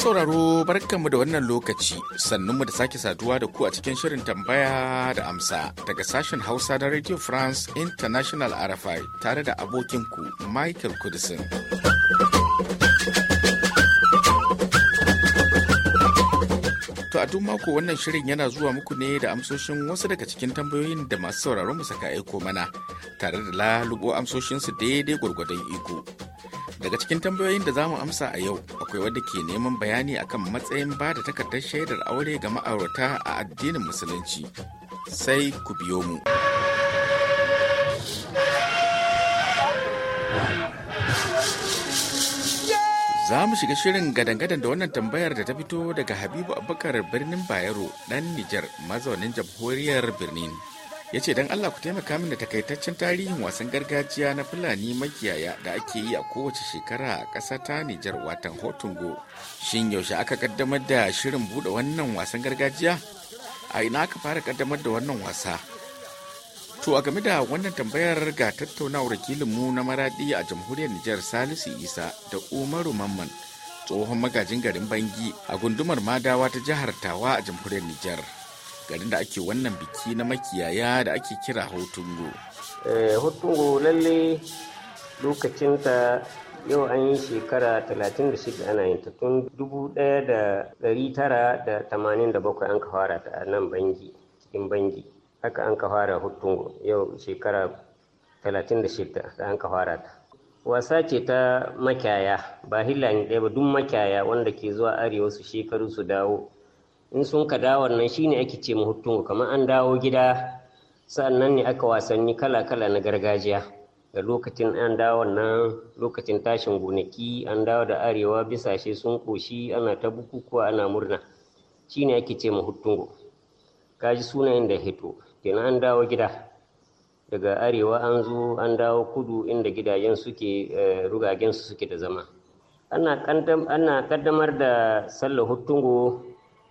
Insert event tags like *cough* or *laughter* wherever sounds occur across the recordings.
sauraro barkanmu da wannan lokaci sannunmu da sake saduwa da ku a cikin shirin tambaya da amsa daga sashen hausa na radio france international rfi tare da abokinku michael kudisin. a duk mako wannan shirin yana zuwa muku ne da amsoshin wasu daga cikin tambayoyin da masu sauraron mu saka aiko mana tare da lalubo amsoshinsu daidai gwargwadon iko. Daga cikin tambayoyin da zamu amsa a yau akwai wadda ke neman bayani akan matsayin ba da takardar shaidar aure ga ma'aurata a addinin musulunci. Sai ku biyo mu. Za mu shiga shirin gadangadan da wannan tambayar da ta fito daga Habibu Abubakar birnin Bayero ɗan Nijar mazaunin jamhuriyar Birnin. Ya ce don Allah ku taimaka min da takaitaccen tarihin wasan gargajiya na Fulani makiyaya da ake yi a kowace shekara a ƙasa ta Nijar watan Hotungo. Shin yaushe aka kaddamar da shirin buɗe wannan wasan gargajiya? A ina aka fara kaddamar da wannan wasa? To a game da wannan tambayar ga tattaunawar mu na maradi a jamhuriyar Nijar Salisu Isa da Umaru Mamman tsohon magajin garin Bangi a gundumar Madawa ta jihar Tawa a jamhuriyar Nijar. Garin da ake wannan biki na makiyaya da ake kira Hotungo. Eh, Hotungo lalle lokacinta yau an yi shekara 36 ana yin ta tun 1987 an ka fara ta a nan Bangi cikin Bangi. haka an ka fara hutun yau shekara 36 da an ka fara ta wasa ce ta makyaya ba hillani ɗaya ba duk makyaya wanda ke zuwa arewa su shekaru su dawo in sun ka dawo nan shine ake ce mu hutun kamar an dawo gida sannan ne aka wasanni kala-kala na gargajiya da lokacin an dawo nan lokacin tashin gonaki an dawo da arewa bisashe sun koshi ana ta bukukuwa ana murna shine ake ce mu hutun kaji sunayen da hito kenan an dawo gida daga arewa an zo an dawo kudu inda gidajen suke eh, rugagen su suke da zama ana kaddamar da sallar hutungo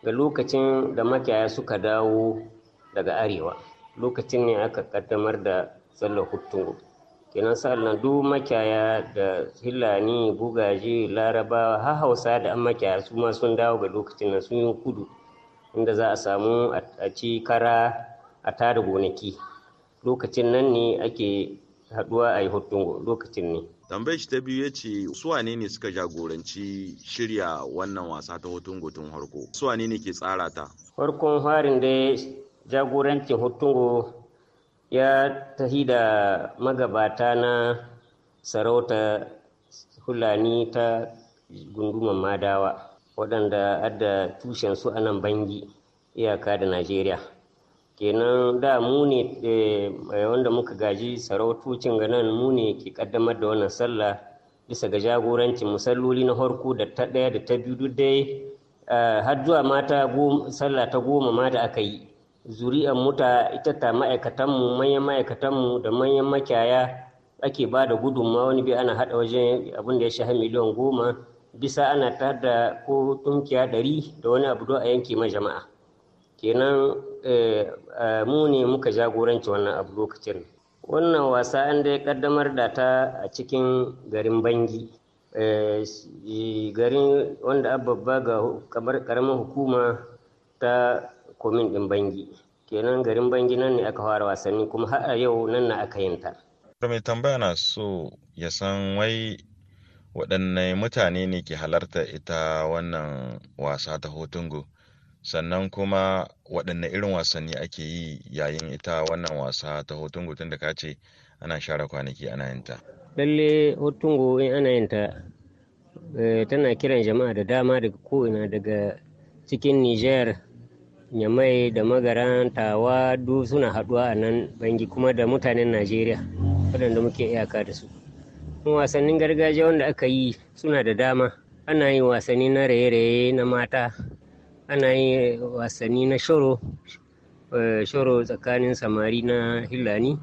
ga lokacin da makiyaya suka dawo daga arewa lokacin ne aka kaddamar da sallar hutungo kenan sa'an duk makiyaya da hillani bugaje larabawa har hausa da an makiyaya su ma sun dawo ga lokacin nan sun yi kudu inda za a samu a ci kara a tara gonaki lokacin nan ne ake haɗuwa a yi hutun lokacin ne tambayi shi ta biyu ya ce suwane ne suka jagoranci shirya wannan wasa ta hutun gutun harko suwane ne ke tsara ta farkon harin da jagorancin hutungo ya tahi da magabata na sarauta hulani ta gunduman madawa waɗanda adda tushensu a nan bangi iyaka da najeriya kenan da mu ne eh, wanda muka gaji sarautocin ganan mu ne ke kaddamar da wannan sallah bisa ga jagorancin musalloli na harko da ta ɗaya da ta biyu duk dai eh, har zuwa mata sallah ta goma ma da aka yi zuri'an muta ita ta ma'aikatanmu manyan ma'aikatanmu da manyan makiyaya ake ba da gudunmawa wani bi ana haɗa wajen abin da ya shaha miliyan goma bisa ana tada ko tunkiya ɗari da wani abu don a yanke ma jama'a kenan eh, eh, mu ne muka jagoranci wannan abu lokacin wannan wasa an ya kaddamar da ta a cikin garin bangi eh, garin wanda ababba ga karamin hukuma ta komin din bangi kenan garin bangi nan ne aka fara wasanni kuma har a yau nan na aka yin ta mai tambaya na so ya san wai waɗanne mutane ne ke halarta ita wannan wasa ta hotungo sannan kuma waɗanne irin wasanni ake yi yayin ita wannan wasa ta hotun gutun da ka ce ana share kwanaki ana yin ta lalle hotun in ana yin ta eh, tana kiran jama'a da dama daga ko'ina daga cikin niger nyamai da magaran tawa du suna haɗuwa a nan bangi kuma da mutanen najeriya waɗanda muke iyaka da su wasannin gargajiya wanda aka yi suna da dama ana yin wasanni na raye-raye na mata ana yin wasanni na shoro eh, shoro tsakanin samari na hillani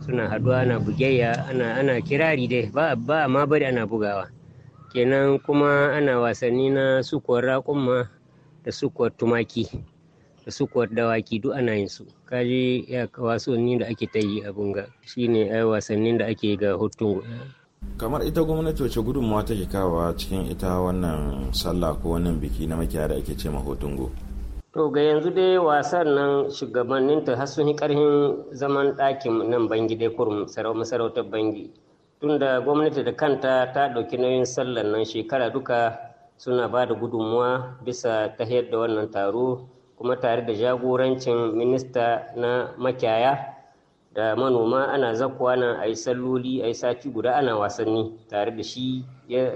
suna haduwa ana bugayya ana ana kirari dai ba ba ma bari ana bugawa kenan kuma ana wasanni na sukuwar raƙumma da sukuwar tumaki da sukuwar dawaki duk ana yin su kaji ya wasanni da ake ta yi a bunga shine eh, wasannin da ake ga hutun eh, kamar ita gwamnati wace gudunmawa take kawa cikin ita wannan sallah ko wannan biki na makiya da ake ce mahotungo to ga yanzu dai wasan nan shugabannin ta har sun karhin zaman ɗakin nan bangi dai kurum masarautar bangi tunda gwamnati da kanta ta ɗauki nauyin sallar nan shekara duka suna ba da gudunmawa bisa ta da wannan taro kuma tare da jagorancin minista na makiyaya da manoma ana zakwa na a yi salloli a yi sati guda ana wasanni tare da shi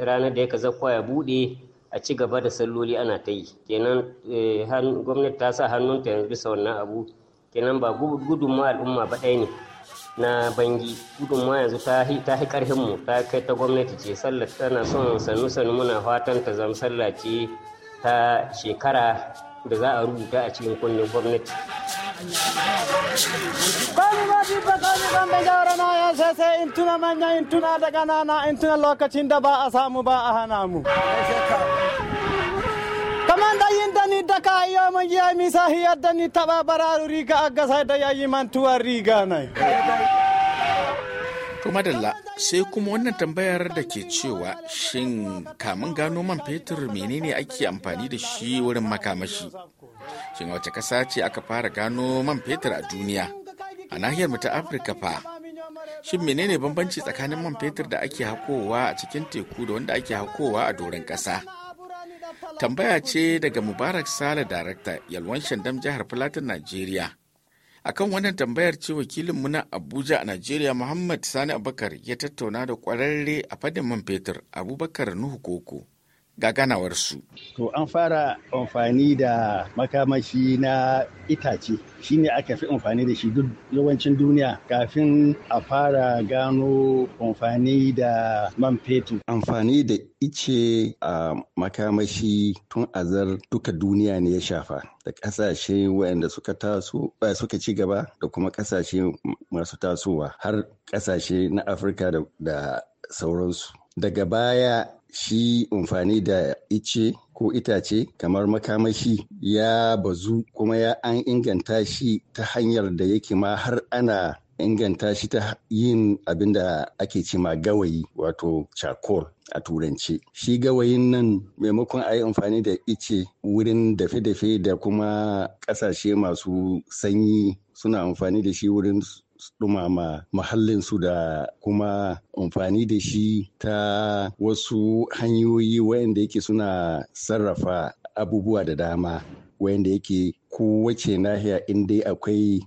ranar da yaka zakwa ya bude a ci gaba da salloli ana ta yi kenan eh, gwamnati ta sa hannunta yanzu bisa wannan abu kenan ba gudunmu al'umma ba ɗaya ne na bangi gudunmu yanzu ta hi karhinmu ta kai ta gwamnati ce sallar tana son sannu sannu muna fatan ta zama sallah ta shekara da za a rubuta a cikin kunnen gwamnati. sese intuna manya intuna intuna ba ba ni daka iyo mun yi misa hiyar ni taba bararuri ga agasa da yayi riga nai To madalla sai kuma wannan tambayar da ke cewa shin kamun gano man fetur menene ake amfani da shi wurin makamashi? Shin wace ƙasa ce aka fara gano man fetur a duniya? A nahiyar mu ta Afirka fa. Shin menene bambanci tsakanin man fetur da ake hakowa a cikin teku da wanda ake hakowa a doron ƙasa? Tambaya ce daga Mubarak Sale Darakta Yalwan Shandam Jihar Filatin Najeriya. akan wannan tambayar ce wakilin na abuja a najeriya muhammad sani abubakar ya tattauna da kwararre a fadin man fetur abubakar nuhu koko ga ganawarsu. To an fara amfani da makamashi na itace shine aka fi amfani da shi duk yawancin duniya kafin a fara gano amfani da man fetur. Amfani da ice a makamashi tun azar duka duniya ne ya shafa da ƙasashe waɗanda suka taso eh, suka ci gaba da kuma ƙasashe masu tasowa har ƙasashe na Afirka da sauransu. daga baya shi amfani da ice ko itace kamar makamashi ya bazu kuma ya an inganta shi ta hanyar da yake ma har ana inganta shi ta yin abin da ake ce ma gawayi wato charcoal a Turanci. shi gawayin nan maimakon a yi amfani da ice wurin dafe-dafe da kuma ƙasashe masu sanyi suna amfani da shi wurin dumama muhallin su da kuma amfani da shi ta wasu hanyoyi wayanda yake suna sarrafa abubuwa da dama wayanda yake kowace nahiya in dai akwai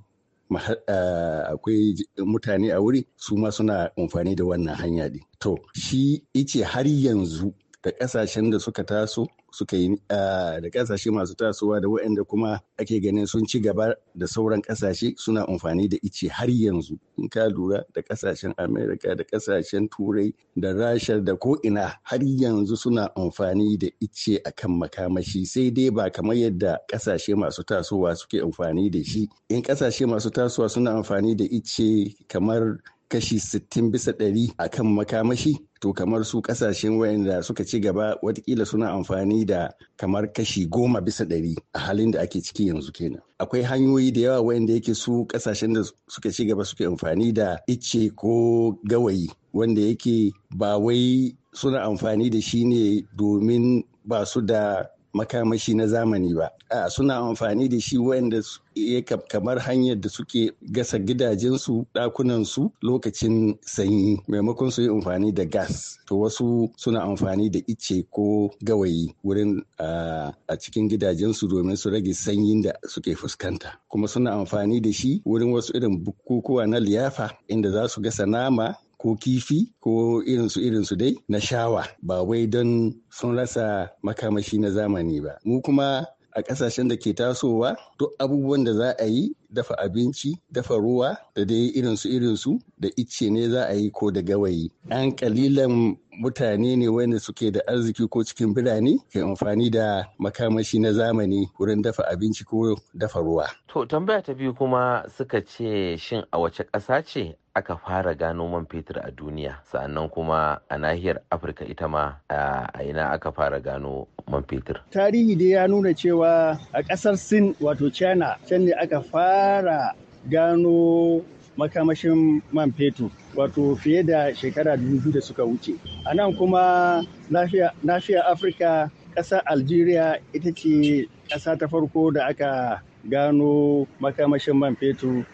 akwai mutane a wuri su ma suna amfani da wannan hanya ɗin. To, shi ice har yanzu da ƙasashen da suka taso suka yi ah, da kasashe masu tasowa da waɗanda kuma ake ganin sun ci gaba da sauran kasashe suna amfani da ice har yanzu in ka lura da kasashen amerika da kasashen turai da rasha da ko'ina har yanzu suna amfani da ice kan makamashi sai dai ba kamar yadda kasashe masu tasowa suke amfani da shi in kasashe masu tasowa suna amfani da ice kamar kashi 60 bisa ɗari a kan makamashi to kamar su kasashen wayanda suka ci gaba watakila suna amfani da kamar kashi goma bisa ɗari a halin da ake ciki yanzu kenan akwai hanyoyi da yawa wayanda yake su kasashen da suka ci gaba suke amfani da icce ko gawayi wanda yake ba wai suna amfani da shi ne domin ba su da makamashi na zamani ba a suna amfani da shi wanda ya kamar hanyar da suke gasa gidajensu ɗakunansu lokacin sanyi maimakon su yi amfani da gas to wasu suna amfani da ice ko gawayi wurin a cikin gidajensu domin su rage sanyin da suke fuskanta kuma suna amfani da shi wurin wasu irin bukukuwa na liyafa inda za su gasa nama ko kifi ko irinsu irinsu dai na shawa ba wai don sun rasa makamashi na zamani ba mu kuma a ƙasashen da ke tasowa duk abubuwan da za a yi dafa abinci dafa ruwa da dai irinsu irinsu da icce ne za a yi ko da gawayi an kalilan mutane ne wanda suke da arziki ko cikin birane ke amfani da makamashi na zamani wurin dafa abinci ko dafa ruwa to tambaya ta biyu kuma suka ce shin a wace ƙasa ce aka fara gano man fetur a duniya sannan kuma a nahiyar afirka ita ma a ina aka fara gano man fetur tarihi dai ya nuna cewa a ƙasar sin wato china can ne aka fara gano makamashin man fetur wato fiye da shekara dubu da suka wuce a nan kuma nahiyar afirka ƙasar algeria ita ce ƙasa ta farko da aka gano makamashin man fetur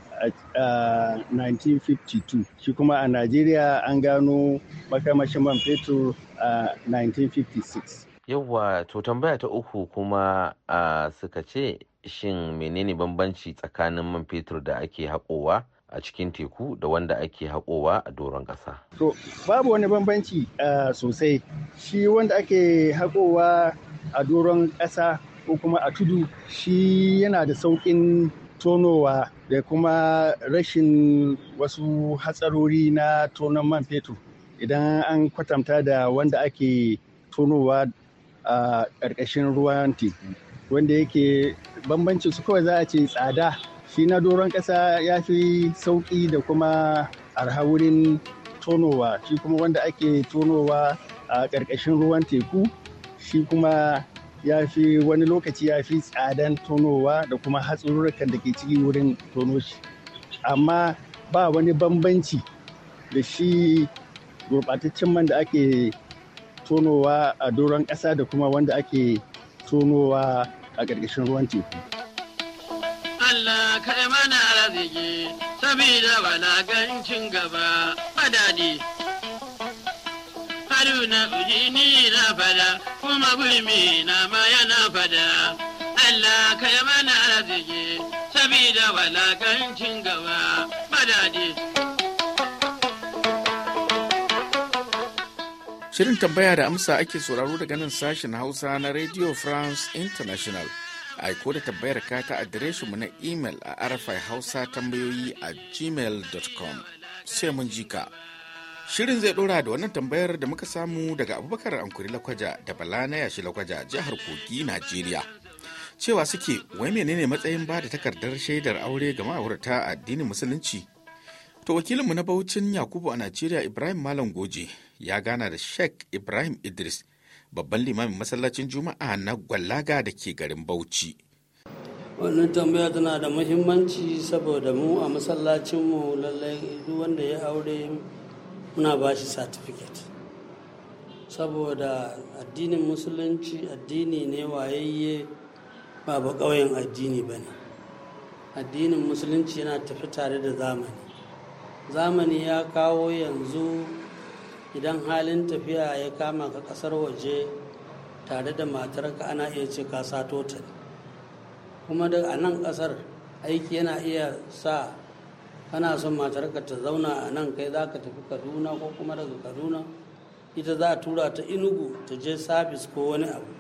a 1952 shi kuma a najeriya an gano makamashin man fetur a 1956 yawwa to tambaya ta uku kuma a suka ce shin menene bambanci tsakanin man fetur da ake haƙowa a cikin teku da wanda ake haƙowa a doron ƙasa. To babu wani bambanci sosai shi wanda ake haƙowa a doron ƙasa ko kuma a tudu shi yana da sauƙin tonowa da kuma rashin wasu hatsarori na tonon man fetur idan an kwatanta da wanda ake tonowa a ƙarƙashin ruwan teku wanda yake bambancin su kawai za a ce tsada shi na doron ƙasa ya fi sauƙi da kuma arha wurin tonowa shi kuma wanda ake tonowa a ƙarƙashin ruwan teku shi kuma ya fi wani lokaci ya fi tsadan tonowa da kuma hatsururrukan da ke ciki wurin tono shi amma ba wani bambanci da shi gurɓataccen man da ake tonowa a doron ƙasa da kuma wanda ake tonowa a ƙarƙashin ruwan teku. Allah kai mana arziki, sabida bana gancin gaba, madadi. na ujini na fada kuma gulmi na maya na fada Allah ka yi mana arziki sabida walakancin gaba madadi. Shirin tambaya da amsa ake sauraro daga nan sashen Hausa na Radio France International. Aiko da tambayar ka ta adireshinmu na imel a arafai hausa tambayoyi a gmail.com. Sai mun ji ka. Shirin zai dora da wannan tambayar da muka samu daga Abubakar Ankuri Lakwaja da Bala na yashi Lakwaja jihar Kogi, Najeriya. Cewa suke wai menene matsayin ba da takardar shaidar aure ga ma'aurata a addinin Musulunci? To wakilinmu na bauchin Yakubu a Najeriya Ibrahim Malam Goje ya gana da Sheikh Ibrahim Idris, babban limamin masallacin Juma'a na Gwallaga da ke garin Bauchi. wannan tambaya tana da muhimmanci saboda mu a masallacinmu lallai duk wanda ya aure muna ba shi certificate saboda addinin musulunci addini ne wayayye ba ba ƙauyen addini ba ne addinin musulunci yana tafi tare da zamani zamani ya kawo yanzu idan halin tafiya ya kama ka ƙasar waje tare da matarka ana iya ce ka sato ta kuma da a nan ƙasar aiki yana iya sa kana son matarka ta zauna a nan kai za ka tafi kaduna ko kuma daga kaduna ita za a tura ta inugu ta je sabis ko wani abu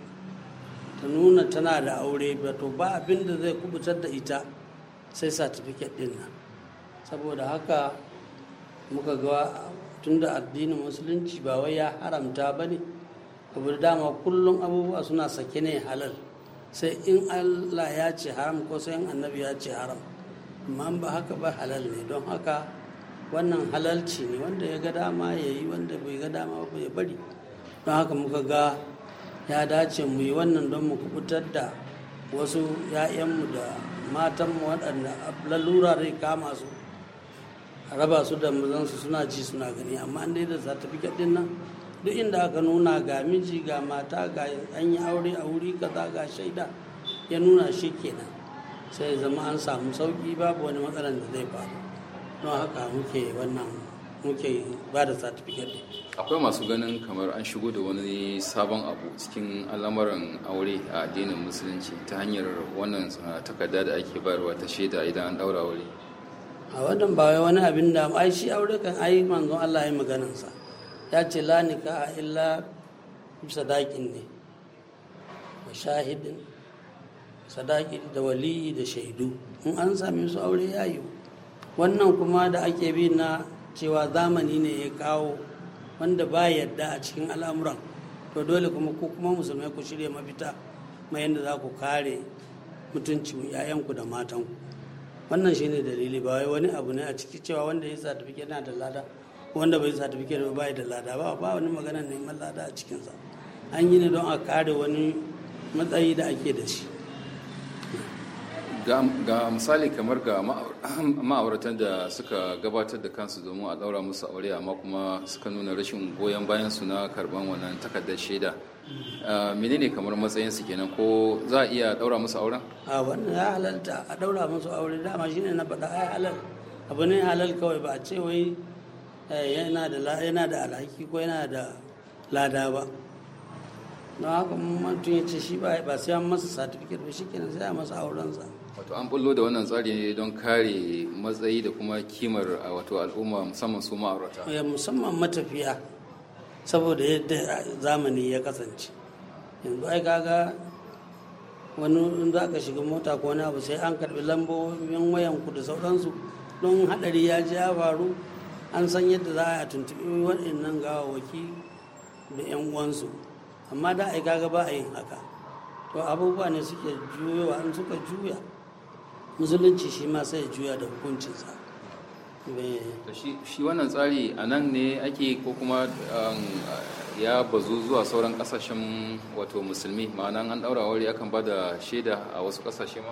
ta nuna tana da aure ba to ba abin da zai kubutar da ita sai satifiket din nan saboda haka muka ga tunda addinin musulunci ba wai ya haramta ba ne abu da dama kullum abubuwa suna sake ne halal sai in allah ya ce haram ko sai in annabi ya ce haram amma ba haka ba halal ne don haka wannan halalci ne wanda ya ga dama ya yi wanda bai ga dama ba ya bari don haka muka ga ya dace mu yi wannan don mu kubutar da wasu 'ya'yanmu da matanmu waɗanda lalura zai kama su raba su da mazansu suna ci suna gani amma an da certificate din nan duk inda aka nuna ga miji ga mata ga an yi aure a wuri kaza ga shaida ya nuna shi kenan sai zama an samu sauki babu wani matsalar da zai faru don haka muke wannan muke ba da certificate akwai masu ganin kamar an shigo da wani sabon abu cikin al'amuran aure a addinin musulunci ta hanyar wannan ah, takarda da ake bayarwa ta shaida idan an daura aure a wannan ba wani abin da ai shi aure kan ai manzon Allah ya sa ya ce la nikaha illa bisa daƙin ne wa shahidin sadaki da wali da shaidu in an sami su aure ya wannan kuma da ake bi na cewa zamani ne ya kawo wanda ba yadda a cikin al'amuran to dole kuma ku kuma musulmai ku shirya mafita mai yadda za ku kare mutuncin 'ya'yanku da matanku wannan shi ne dalili ba wai wani abu ne a ciki cewa wanda ya certificate yana da lada wanda bai fike ba bai da lada ba ba wani magana neman lada a cikinsa an yi ne don a kare wani matsayi da ake da shi ga misali kamar ga *clears throat* ma'auratan da suka gabatar da kansu domin a daura musu aure amma kuma suka nuna rashin goyon bayan su na karban wannan takardar shaida mm. ah, menene kamar matsayin su kenan ko za a iya daura musu auren a wannan ya halalta a daura musu aure dama shine na faɗa ai halal abu ne halal kawai ba a ce wai eh, yana da yana da alhaki ko yana da lada ba don haka mutum ya ce shi ba sai an masa satifiket ba shi kenan sai a masa aurensa wato an bullo da wannan tsari ne don kare matsayi da kuma kimar a wato al'umma musamman su ma'aurata eh, musamman matafiya saboda yadda zamani ya kasance yanzu ai kaga wani in za ka shiga mota ko wani abu sai an karbi lambobin wayan ku da sauransu don hadari ya ji ya faru an san yadda za a tuntuɓi waɗannan gawawaki da 'yan uwansu amma da ai kaga ba a yin haka to abubuwa ne suke juyowa in suka juya musulunci shi ma sai juya da hukuncinsa eh. shi wannan tsari a nan ne ake ko kuma um, ya bazu zuwa sauran kasashen wato musulmi ma'ana an daura wari akan ba da shaida a wasu kasashe ma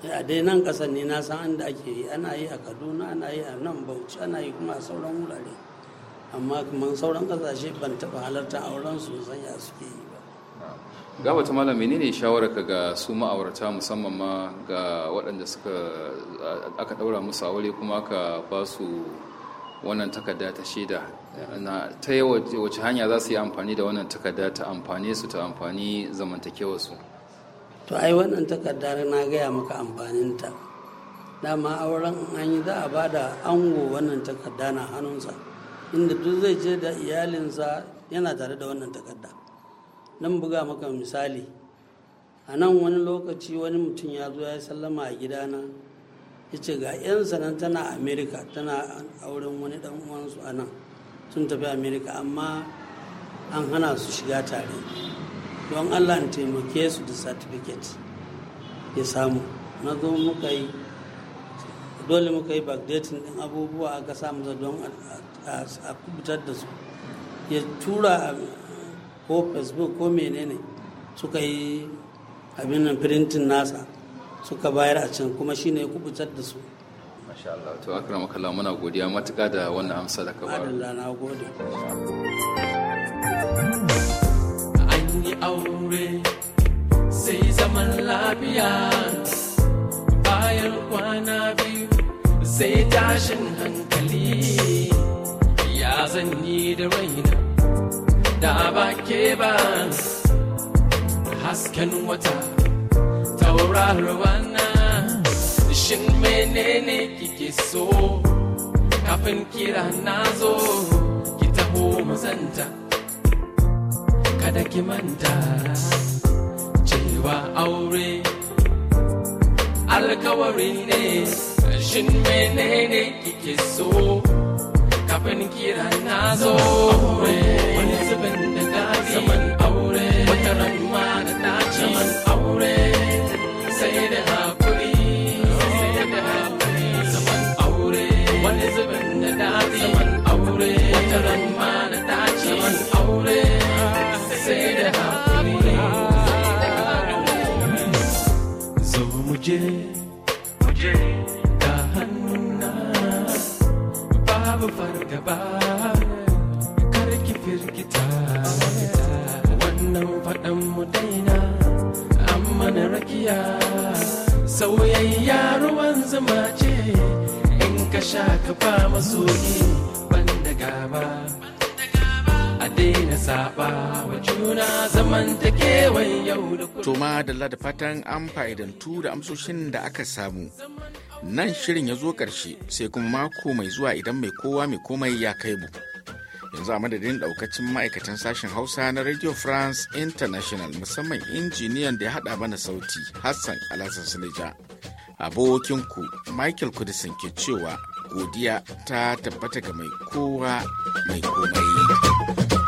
eh, a dai nan kasar ne na san an da ake yi ana yi a kaduna ana yi a nan bauchi ana yi kuma a sauran wurare amma kuma sauran kasashe ban taba halarta auren su sanya suke yi gaba ta malam menene shawararka ga su ma'aurata musamman ma ga waɗanda suka aka ɗaura musu aure kuma aka ba su wannan takarda ta shaida na ta yi wace hanya za su yi amfani da wannan takarda ta amfane su ta amfani zamantakewa su. to ai wannan takardar na gaya maka amfaninta dama auren an yi za a ba da ango wannan takarda na hannunsa inda duk zai je da iyalinsa yana tare da wannan takarda nan buga maka misali a nan wani lokaci wani mutum ya zo ya sallama a gidana ya ce ga 'yan sanan tana amerika tana auren wani dan uwansu a nan sun tafi amerika amma an hana su shiga tare don allah in taimake su da certificate ya samu na zo muka yi dole muka yi backdating din abubuwa aka samu don a kubutar da su ya tura ko facebook ko menene suka yi abin nan printin nasa suka bayar a can kuma shine ya kubutar da su to akrama muna godiya matuƙa da wannan amsa da ka ba Allah na gode an yi aure sai zaman lafiya bayan kwana biyu sai tashin hankali ya zanyi da raina da ba ke ba hasken wata taurarwa na shin menene kike so kafin kira na zo ki taho zanta kada ki manta cewa aure alkawari ne shin menene kike so kafin kira na zo wani zubin da daɗi zaman aure wata ranma da daci zaman aure sai da hakuri sai da hakuri zaman aure wani zubin da daɗi zaman aure wata ranma da daci zaman aure sai da hakuri zo muje ta da hannuna babu fargaba ki firgita wannan faɗan mu daina amma na rakiya sauyayya ruwan zuma ce in ka sha ka ba yi banda gaba a daina saba juna yau da To ma da fatan an fa'idantu da amsoshin da aka samu. nan shirin ya zo ƙarshe sai kuma mako mai zuwa idan mai kowa mai komai ya kai mu yanzu a madadin ɗaukacin ma'aikatan sashen hausa na radio france international musamman injiniyan da ya haɗa mana sauti hassan alhassan sinija abokinku michael kudisin ke cewa godiya ta tabbata ga mai kowa mai komai